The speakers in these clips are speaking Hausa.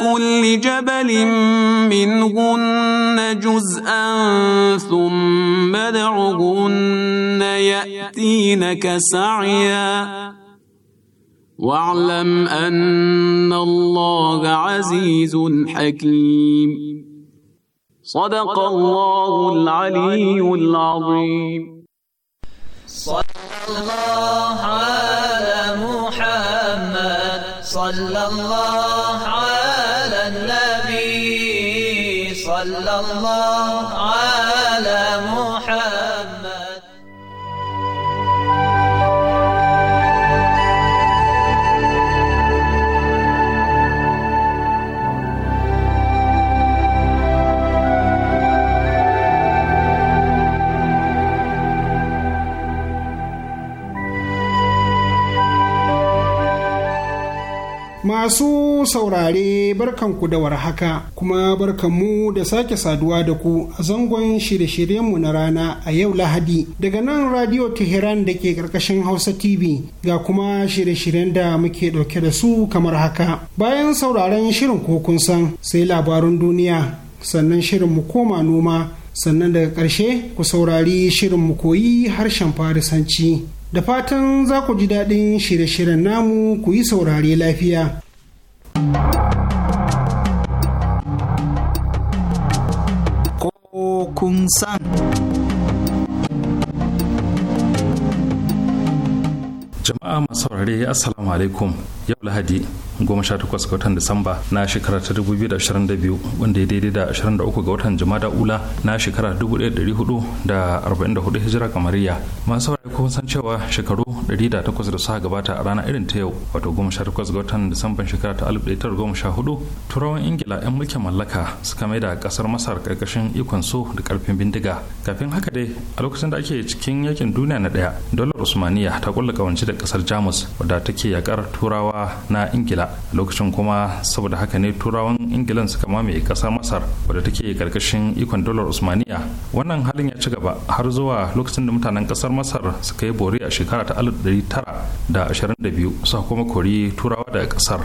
كل جبل منهن جزءا ثم دعهن يأتينك سعيا واعلم أن الله عزيز حكيم صدق الله العلي العظيم صلى الله على محمد صلى الله عليه sallallahu Masu saurare barkanku da warhaka kuma barkanmu da sake saduwa da ku a zangon shirye-shiryenmu na rana a yau Lahadi daga nan Radio Tehran da ke karkashin Hausa TV ga kuma shirye-shiryen da muke ɗauke da su kamar haka. Bayan sauraren shirin ko kun san sai labarun duniya sannan shirin mu koma noma sannan daga ƙarshe ku saurari shirin mu koyi harshen Farisanci. da fatan za ku ji daɗin shirye-shiryen namu ku yi saurare lafiya. Ko kun san. Jama'a masu saurare Assalamu alaikum. yau lahadi 18 ga watan disamba na shekara ta 2022 wanda ya daidai da 23 ga watan jumada ula na shekara 1444 hijira kamariya masu saurari kuma san cewa shekaru 108 da suka gabata a rana irin ta yau wato 18 ga watan disamban shekara ta 1914 turawan ingila 'yan mulkin mallaka suka mai da kasar masar karkashin ikon so da karfin bindiga kafin haka dai a lokacin da ake cikin yakin duniya na daya dole usmaniya ta kulla kawance da kasar jamus wadda take yakar turawa yawa na ingila lokacin kuma saboda haka ne turawan ingilan suka mamaye kasar masar wadda take karkashin ikon dolar usmaniya wannan halin ya ci gaba har zuwa lokacin da mutanen kasar masar suka yi bori a shekara ta 1922 suka kuma kori turawa daga kasar.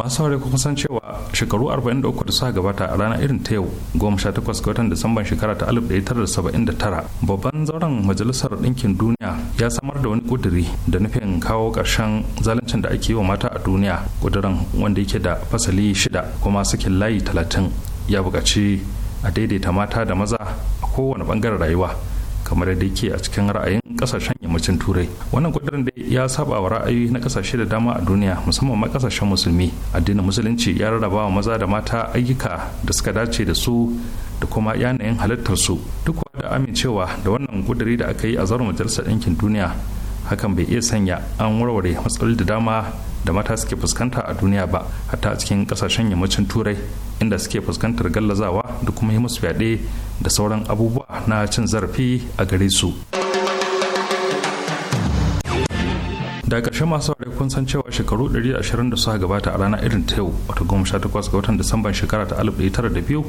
masu saurari ku kusan cewa shekaru 43 da suka gabata a ranar irin ta yau 18 ga watan disamban shekara ta 1979 babban zauren majalisar ɗinkin duniya ya samar da wani ƙuduri da nufin kawo ƙarshen zaluncin da ake yi wa mata a duniya ƙudurin wanda yake da fasali shida kuma suke layi talatin ya buƙaci a daidaita mata da maza a kowane ɓangaren rayuwa kamar da ke a cikin ra'ayin kasashen yammacin turai wannan kudirin da ya saba wa ra'ayoyi na kasashe da dama a duniya musamman ma kasashen musulmi addinin musulunci ya rarraba wa maza da mata ayyuka da suka dace da su da kuma yanayin halittarsu duk da amincewa da wannan kudiri da aka yi a zarar majalisar ɗinkin duniya hakan bai iya sanya an warware matsaloli da dama da mata suke fuskanta a duniya ba hatta a cikin kasashen yammacin turai inda suke fuskantar gallazawa da kuma yi musu fyaɗe da sauran abubuwa na cin zarafi a gare su. da ƙarshe masu ware kun san cewa shekaru 120 da suka gabata a rana irin ta yau wata 18 ga watan disamban shekara ta 1902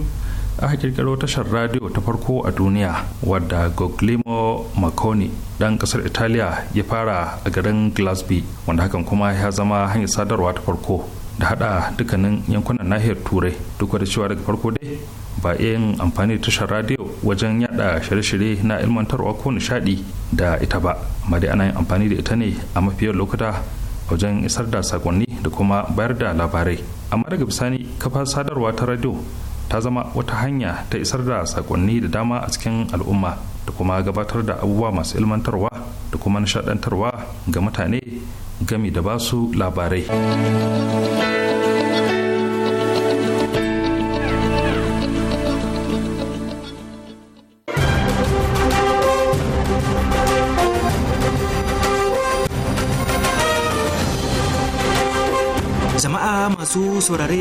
aka kirkiro tashar radio ta farko a duniya wadda Guglielmo Marconi dan kasar Italiya ya fara a garin Glasby wanda hakan kuma ya zama hanyar sadarwa ta farko da hada dukkanin yankunan nahiyar turai duk da cewa daga farko dai ba yin amfani da tashar radio wajen yada shirye-shirye na ilmantarwa ko nishadi da ita ba amma dai ana yin amfani da ita ne a mafiyar lokuta wajen isar da sakonni da kuma bayar da labarai amma daga bisani kafar sadarwa ta radio ta zama wata hanya ta isar da sakonni da dama a cikin al'umma da kuma gabatar da abubuwa masu ilmantarwa da kuma nishadantarwa ga mutane gami da ba su labarai jama'a masu saurare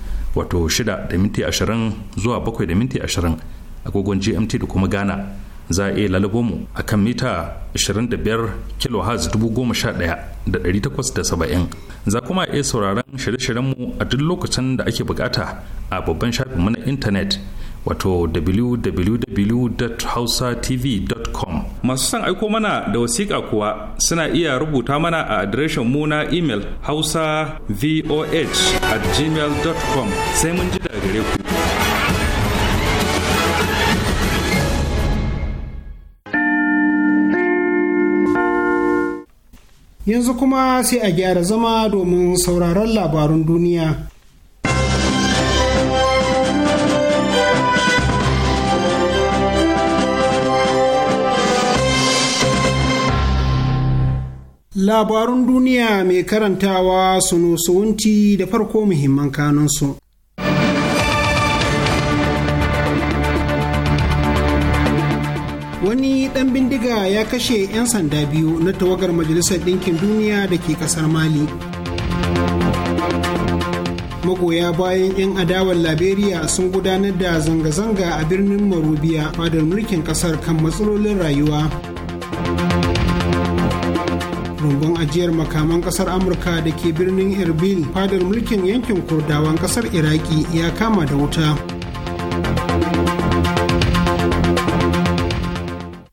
wato 6 da minti 20 zuwa 7 da minti 20 agogon gmt da kuma ghana za a iya lalubo mu a kan mita 25 kHz 11870 za kuma iya sauraron shirye-shiryen mu a duk lokacin da ake bukata a babban shafinmu na intanet wato www.hausatv.com masu son aiko mana da wasiƙa kuwa suna iya rubuta mana a adireshin mu na imel hausa voh at gmail.com sai mun ji daga gare ku. Yanzu kuma sai a gyara zama domin sauraron labarun duniya. Labarun duniya mai karantawa su suwunti da farko muhimman kanunsu. Wani ɗan bindiga ya kashe 'yan sanda biyu na tawagar Majalisar Ɗinkin Duniya da ke ƙasar Mali. Magoya bayan 'yan adawar Liberia sun gudanar da zanga-zanga a birnin Marubiya fadar mulkin ƙasar kan matsalolin rayuwa. rumbun ajiyar makaman kasar amurka da ke birnin erbil fadar mulkin yankin kurdawan kasar iraki ya kama da wuta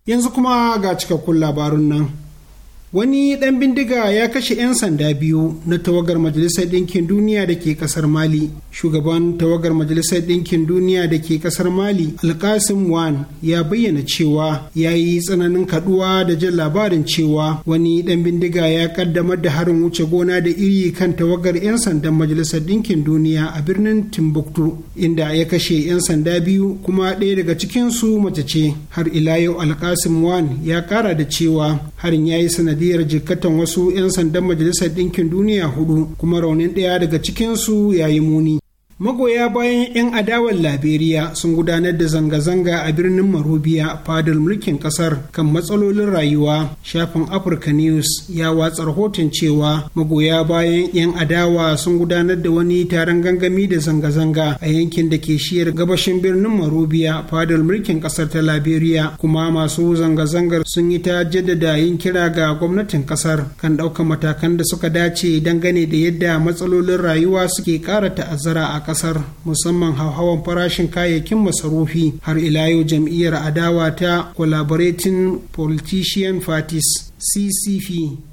yanzu kuma ga cikakkun labarun nan wani ɗan bindiga ya kashe 'yan sanda biyu na tawagar majalisar ɗinkin duniya da ke ƙasar mali shugaban tawagar majalisar ɗinkin duniya da ke ƙasar mali alkasim wan ya bayyana cewa ya yi tsananin kaduwa da jin labarin cewa wani ɗan bindiga ya ƙaddamar da harin wuce gona da iri kan tawagar 'yan sandan majalisar ɗinkin duniya a birnin timbuktu inda ya kashe 'yan sanda biyu kuma ɗaya daga cikinsu mace ce har ila yau alkasim wan ya ƙara da cewa harin ya yi sanadin sanadiyar jikkatan wasu 'yan sandan majalisar ɗinkin duniya hudu kuma raunin ɗaya daga cikinsu ya yi muni magoya bayan 'yan adawar laberiya sun gudanar da zanga-zanga a birnin Marubiya fadar mulkin kasar kan matsalolin rayuwa shafin africa news ya watsa rahoton cewa magoya bayan 'yan adawa sun gudanar da wani taron gangami da zanga-zanga a yankin da ke shiyar gabashin birnin Marubiya fadar mulkin kasar ta laberiya kuma masu zanga-zangar sun yi ta jaddada yin kira ga gwamnatin kasar kan ɗaukar matakan da suka dace dangane da yadda matsalolin rayuwa suke ƙara ta'azzara a kasar musamman hauhawan farashin kayayyakin masarufi har ila yau jam'iyyar adawa ta collaborating politician parties ccp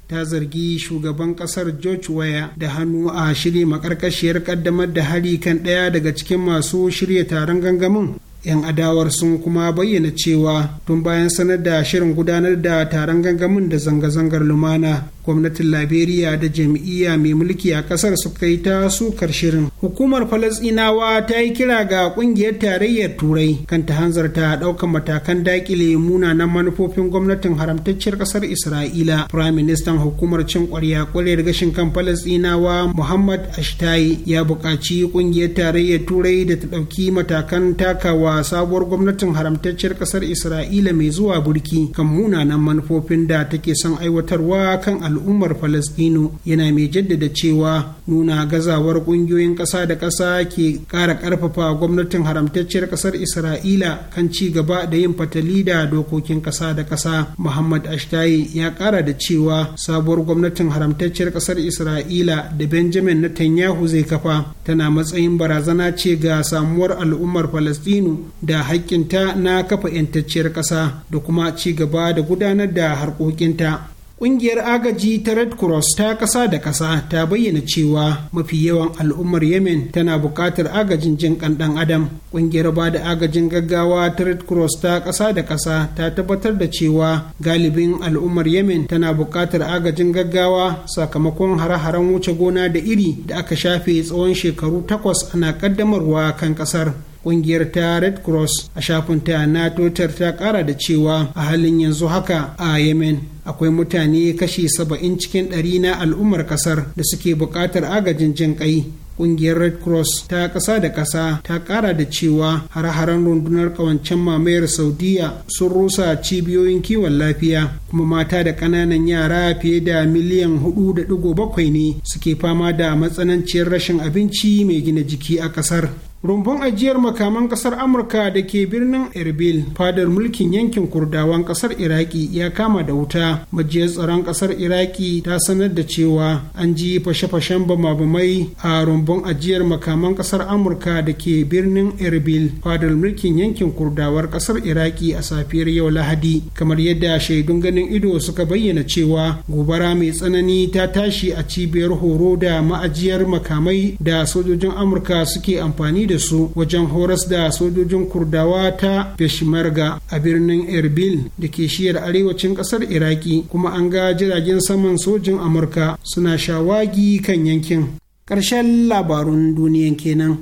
ta zargi shugaban kasar george waya da hannu a shirya makarkashiyar kaddamar da hari kan ɗaya daga cikin masu shirya taron gangamin 'yan adawar sun kuma bayyana cewa tun bayan sanar da shirin gudanar da taron gangamin da zanga-zangar lumana gwamnatin liberia da jam'iyya mai mulki a kasar su kai ta su shirin hukumar falasinawa ta yi kira ga kungiyar tarayyar turai kan ta hanzarta ɗaukar matakan dakile munanan manufofin gwamnatin haramtacciyar kasar isra'ila prime minister hukumar cin kwarya kwarar gashin kan falasinawa muhammad ashtai ya buƙaci kungiyar tarayyar turai da ta ɗauki matakan takawa sabuwar gwamnatin haramtacciyar kasar isra'ila mai zuwa burki kan munanan manufofin da take son aiwatarwa kan al'ummar falastinu yana mai jaddada cewa nuna gazawar ƙungiyoyin ƙasa da ƙasa ke ƙara ƙarfafa gwamnatin haramtacciyar ƙasar isra'ila kan ci gaba da yin fatali da dokokin ƙasa da ƙasa muhammad ashtayi ya ƙara da cewa sabuwar gwamnatin haramtacciyar ƙasar isra'ila da benjamin netanyahu zai kafa tana matsayin barazana ce ga samuwar al'ummar falastinu da haƙƙinta na kafa 'yantacciyar ƙasa da kuma ci gaba da gudanar da harkokinta Ƙungiyar agaji ta Red Cross ta ƙasa da ƙasa ta bayyana cewa mafi yawan al'ummar Yemen tana buƙatar agajin jin ƙan ɗan adam. Ƙungiyar ba da agajin gaggawa ta Red Cross ta ƙasa da ƙasa ta tabbatar da cewa galibin al'ummar Yemen tana buƙatar agajin gaggawa sakamakon hare-haren wuce gona da iri da aka shafe tsawon shekaru takwas ana ƙaddamarwa kan ƙasar. kungiyar ta red cross a shafinta na twitter ta kara da cewa a halin yanzu haka a yemen akwai mutane kashi saba'in cikin ɗari na al'ummar kasar da suke buƙatar agajin jin ƙai kungiyar red cross ta ƙasa da ƙasa ta ƙara da cewa har-haren rundunar ƙawancen mamayar saudiya sun rusa cibiyoyin kiwon lafiya kuma mata da ƙananan yara fiye da miliyan 4.7 ne suke fama da matsananciyar rashin abinci mai gina jiki a ƙasar rumbun ajiyar makaman kasar amurka da ke birnin erbil fadar mulkin yankin kurdawan kasar iraki ya kama da wuta majiyar tsaron kasar iraki ta sanar da cewa an ji fashe-fashen bama-bamai a rumbun ajiyar makaman kasar amurka da ke birnin erbil fadar mulkin yankin kurdawar kasar iraki a safiyar yau lahadi kamar yadda shaidun ganin ido suka bayyana cewa gobara mai tsanani ta tashi a cibiyar horo da ma'ajiyar makamai da sojojin amurka suke amfani da da su wajen horas da sojojin kurdawa ta peshmerga a birnin erbil da ke shiyar arewacin kasar iraki kuma an ga jiragen saman sojin amurka suna shawagi kan yankin ƙarshen labarun duniyan kenan.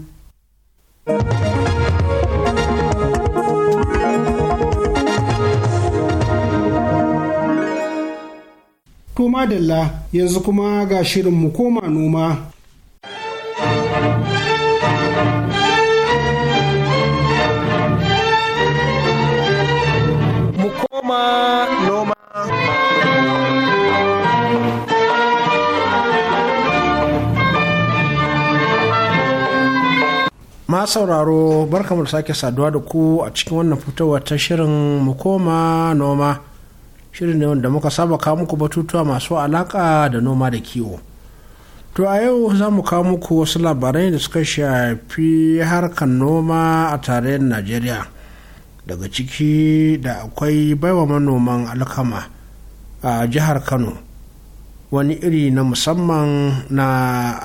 To Dalla yanzu kuma ga shirin mu koma noma sauraro barkamu da sake saduwa da ku a cikin wannan fitowar ta shirin mu koma noma shirin ne wanda muka saba kawo muku batutuwa masu alaka da noma da kiwo to a yau za mu kawo muku wasu labarai da suka shafi harkar noma a tarayyar najeriya daga ciki da akwai baiwa manoman alkama a jihar kano wani iri na musamman na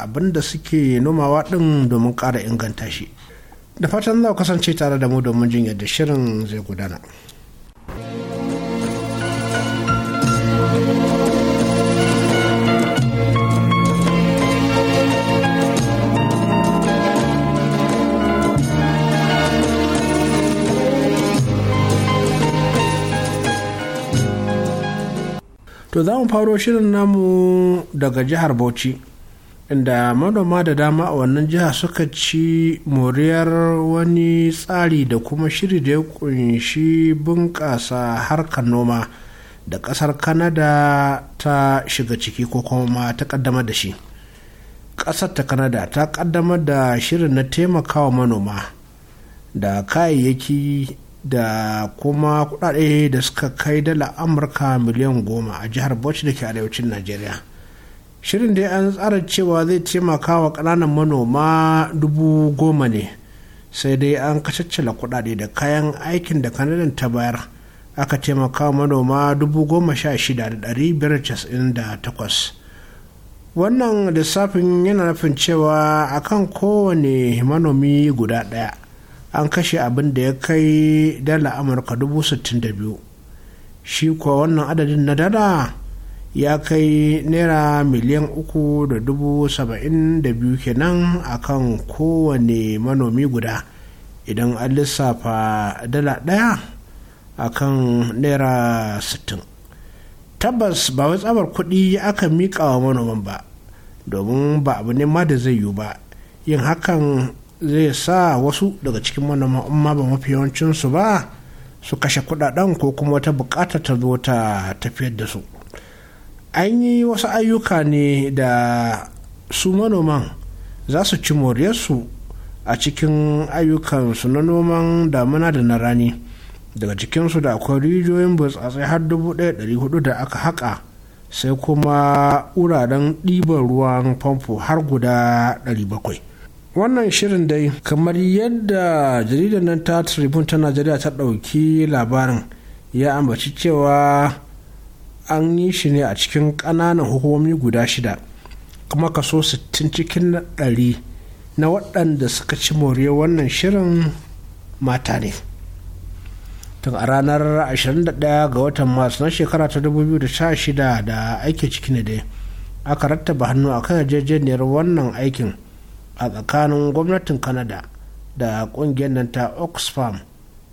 abin da suke nomawa ɗin domin ƙara inganta shi da fatan za kasance tare da mu domin jin yadda shirin zai gudana. To za mu faro shirin namu daga jihar Bauchi, inda manoma da dama a wannan jiha suka ci moriyar wani tsari da kuma shiri da ya kunshi bunƙasa harkar noma da ƙasar Kanada ta shiga ciki ko kuma ta ƙaddamar da shi. ƙasar ta Kanada ta ƙaddamar da shirin na taimakawa manoma da kayayyaki da kuma kudade da suka kai dala amurka miliyan goma a jihar bauchi da ke arewacin najeriya shirin dai an tsara cewa zai taimaka wa ƙananan manoma dubu goma ne sai dai an kacaccala kudade da kayan aikin da kanadan ta bayar aka taimaka manoma dubu goma sha shida da ɗari biyar casa'in da takwas wannan lissafin yana nufin cewa akan kowane manomi guda ɗaya an kashe abin da ya kai dala amurka dubu sittin da shi kuwa wannan adadin na dala ya kai naira miliyan uku da dubu saba'in da biyu kenan akan kowane manomi guda idan an lissafa dala ɗaya kan naira sittin tabbas ba wai tsabar kuɗi aka miƙa wa manoman ba domin ba abu ne ma da zai yiwu ba yin hakan zai sa wasu daga cikin manoma ba mafi yawancinsu ba su kashe kudaden ko kuma wata bukata ta zo ta tafiyar da su an yi wasu ayyuka ne da su manoman za su ci su a cikin ayyukansu na noman damuna da na rani daga cikinsu da akwai rijiyoyin burtsatsai har 1400 da aka haƙa sai kuma wuraren ɗiban ruwan famfo har guda 700 wannan shirin dai kamar yadda jaridar nan ta tribun ta najeriya ta ɗauki labarin ya ambaci cewa an yi shi ne a cikin ƙananan hukumomi guda shida kuma kaso 60 cikin ɗari na waɗanda suka ci more wannan shirin mata ne tun a ranar 21 ga watan mars na shekara ta 2016 da ake ciki ne dai aka rattaba hannu a kan yarjejeniyar wannan aikin a tsakanin gwamnatin canada da kungiyar nan ta oxfam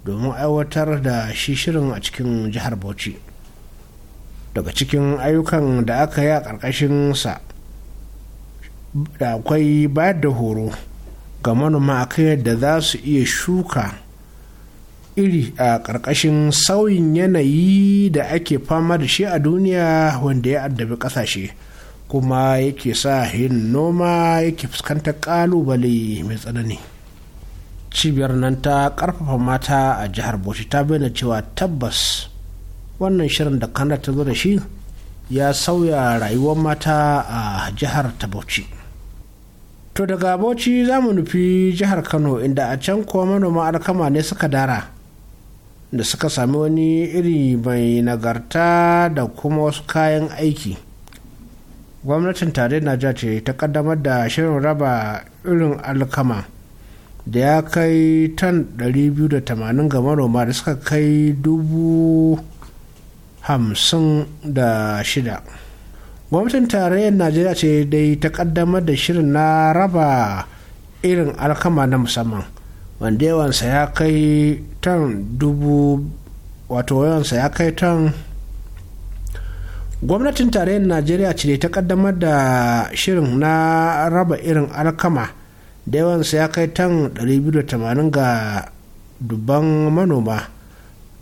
domin aiwatar da shi shirin a cikin jihar bauchi daga cikin ayyukan da aka yi a sa da akwai bayar da horo ga manoma akan yadda za su iya shuka iri a ƙarƙashin sauyin yanayi da ake fama da shi a duniya wanda ya addabi ƙasashe kuma yake sa yin noma yake fuskantar kalubale mai tsanani cibiyar nan ta karfafa mata a jihar bauchi ta bayyana cewa tabbas wannan shirin da kanada ta zo da shi ya sauya rayuwar mata a jihar ta bauchi to daga bauchi za mu nufi jihar kano inda a can kuwa manoma alkama ne suka dara da suka sami wani iri mai nagarta da kuma wasu kayan aiki gwamnatin tarayyar najeriya ce ta kaddamar da shirin raba irin alkama da ya kai tan 280 ga manoma da suka kai shida. gwamnatin tarayyar najeriya ce dai ta kaddamar da shirin na raba irin alkama na musamman wanda yawansa ya kai tan dubu wato yawansa ya kai tan gwamnatin tarayyar najeriya ce ta kaddamar da shirin na raba irin alkama da yawansa ya kai tan 280 ga dubban manoma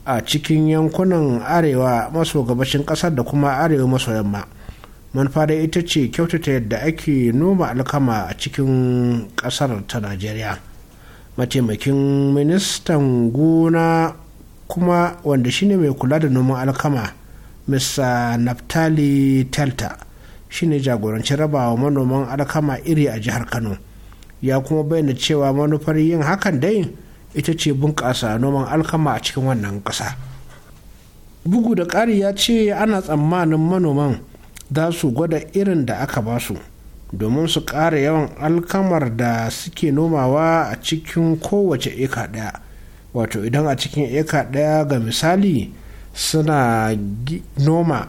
a cikin yankunan arewa maso gabashin kasar da kuma arewa maso yamma manufa da ita ce kyautata yadda ake noma alkama a cikin kasar ta najeriya mataimakin ministan gona kuma wanda shine mai kula da noman alkama mr naftali telta shine jagoranci rabawa manoman alkama iri a jihar kano ya kuma bayyana cewa manufar yin hakan dai ita ce bunƙasa noman alkama a cikin wannan ƙasa bugu da ƙari ya ce ana tsammanin manoman za su gwada irin da aka ba su domin su ƙara yawan alkamar da suke nomawa a cikin kowace eka ɗaya wato idan a cikin eka ɗaya ga misali suna noma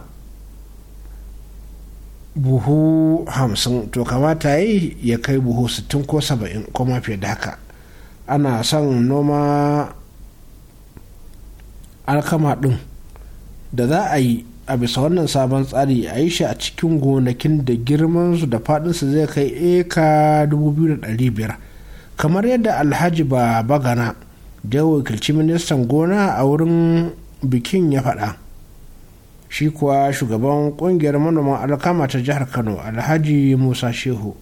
buhu hamsin to kamata yi ya kai buhu sittin ko saba'in ko mafi da haka ana son noma alkama ɗin da za a yi a bisa wannan sabon tsari a yi shi a cikin gonakin da girmansu da faɗinsu zai kai eka 2,500 kamar yadda alhaji ba bagana da wakilci ministan gona a wurin bikin ya faɗa shi kuwa shugaban kungiyar manoman alkama ta jihar kano alhaji musa shehu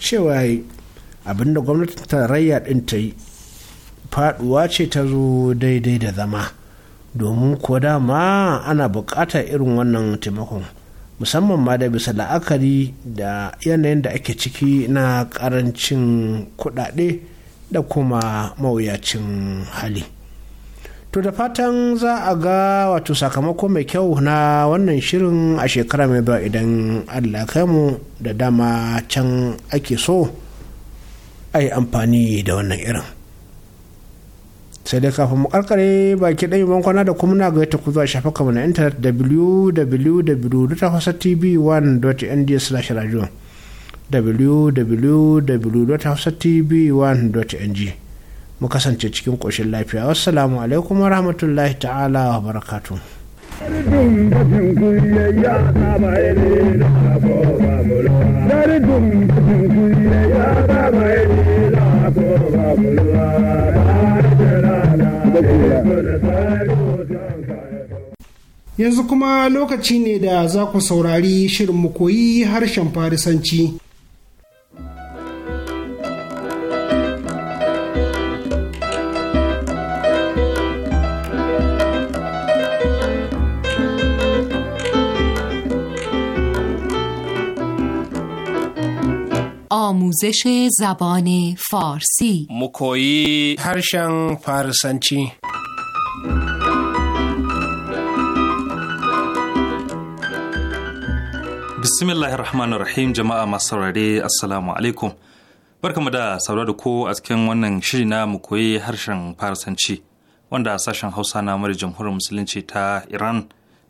cewa abinda gwamnatin tarayya ɗin ta yi faɗuwa ce ta zo daidai da zama domin ko dama ana buƙatar irin wannan taimakon musamman ma da bisa la'akari da yanayin da ake ciki na ƙarancin kuɗaɗe da kuma mawuyacin hali. to da fatan za a ga wato sakamako mai kyau na wannan shirin a shekara mai zuwa idan allah kai mu da dama can ake so a yi amfani da wannan irin sai dai kafin mu karkare baki ɗaya ban kwana da kuma na ga ta ku zuwa mu na intanet wwwtv 1ng radio 1ng mu kasance cikin ƙoshin lafiya wassalamu alaikum rahmatullahi ta'ala wa barakatu Yanzu kuma lokaci ne da za ku saurari shirin mu koyi harshen Farisanci آموزش زبان فارسی مکویی هرشن فارسنچی bismillahir rahmanir rahim jama'a masu saurare assalamu alaikum barkamu da saurare da ko a cikin wannan shiri na mu koyi harshen farasanci wanda sashen hausa na mara jamhuriyar musulunci ta iran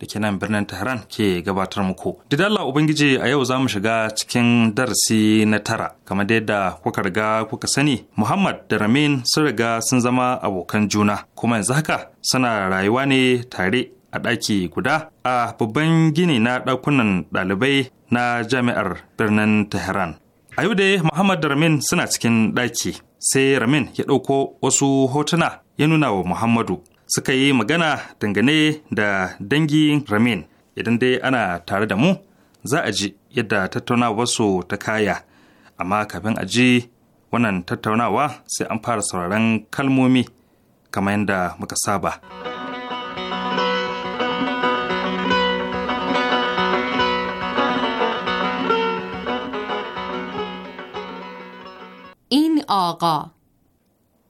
da ke nan birnin Tehran ke gabatar muku. Da Allah Ubangiji a yau za mu shiga cikin darasi na tara, kamar da yadda kuka riga kuka sani, Muhammad da Ramin sun riga sun zama abokan juna, kuma yanzu haka suna rayuwa ne tare a ɗaki guda a babban gini na ɗakunan ɗalibai na jami'ar birnin Tehran. A yau dai Muhammad da Ramin suna cikin ɗaki, sai Ramin ya ɗauko wasu hotuna ya nuna wa Muhammadu suka yi magana dangane da dangi ramin idan dai ana tare da mu za a ji yadda tattaunawarsu ta kaya amma kafin a ji wannan tattaunawa sai an fara sauraron kalmomi kamar yadda muka saba.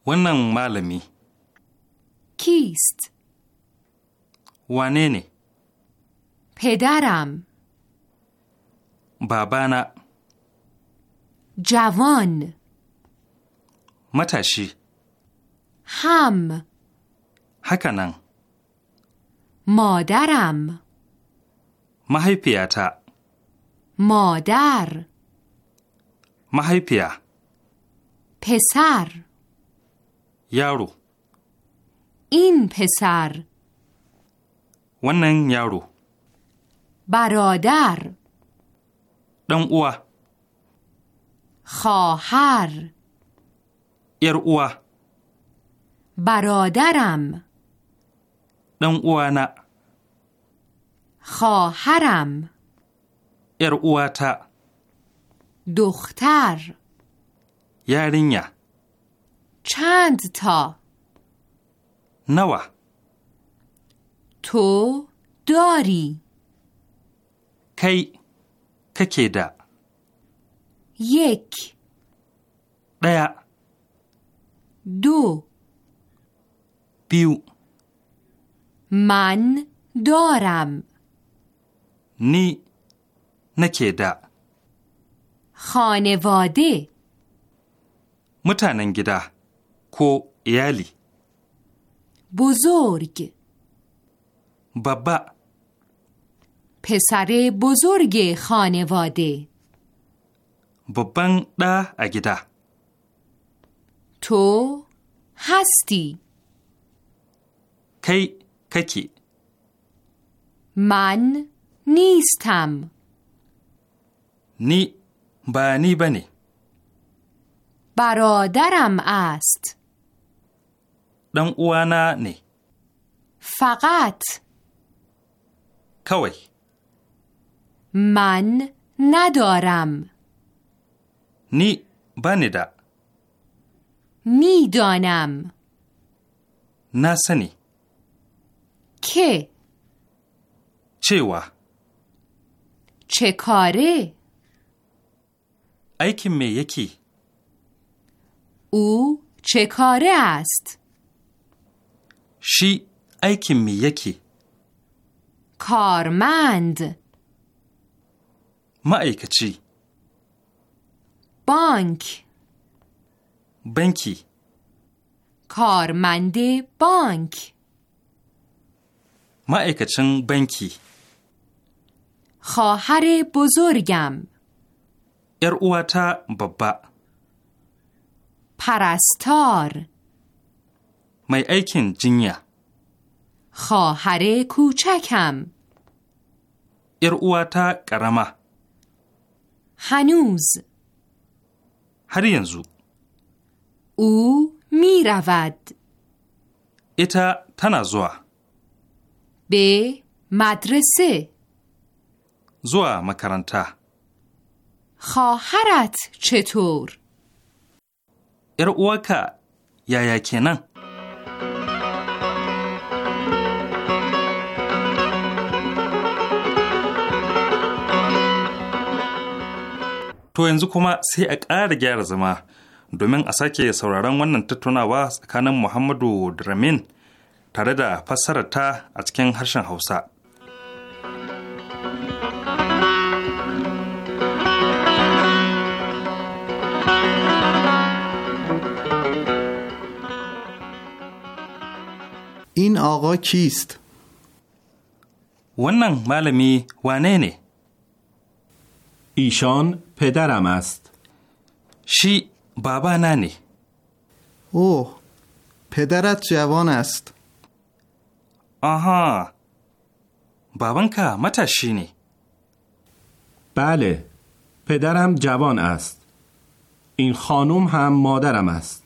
wannan malami کیست؟ وانینه پدرم بابانا جوان متشی هم هکنن مادرم مهیپیتا مادر مهیپیا پسر یارو این پسر ونن یارو برادر دن اوا خواهر یر اوا برادرم دن اوا نه خواهرم یر تا دختر یارینیا چند تا نوه تو داری کی ککی دا یک دیا دو بیو من دارم نی نکی دا خانواده متانن گدا کو ایالی بزرگ بابا پسر بزرگ خانواده بابن دا اگدا تو هستی کی ککی من نیستم نی بانی بانی برادرم است دان اوانا فقط کوی من ندارم نی بندا میدانم نسنی که چوا چه کاره ایکی می یکی او چه کاره است شی ایکی می یکی کارمند چی؟ بانک بنکی کارمند بانک چن بنکی خواهر بزرگم ار ببا پرستار می ایکن جنیا خواهر کوچکم ارواتا کرما هنوز هر ینزو او می رود ایتا تنازوا به مدرسه زوا مکرانتا خواهرت چطور؟ ارواکا یا یا To yanzu kuma sai a ƙara gyara zama domin a sake sauraron wannan tattaunawa tsakanin Muhammadu Dramin tare da ta a cikin harshen Hausa. in aga kist Wannan malami wane ne? ishan پدرم است شی بابا ننی او پدرت جوان است آها بابانکا که نی بله پدرم جوان است این خانوم هم مادرم است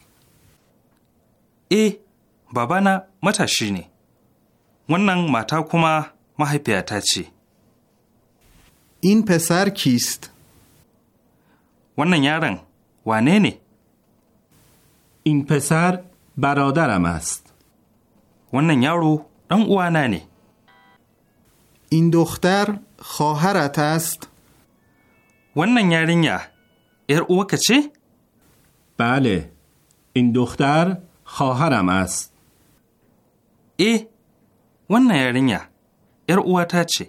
ای بابا نه متشینی نی ونن ماتا کما پیاتا چی این پسر کیست وان نیارن، وانه نی. این پسر برادرم است. وان نیارو، رن وانه نی. این دختر خواهرت است. وان نیارین یا؟ ار او بله، این دختر خواهرم است. ای، وان نیارین یا؟ ار چی؟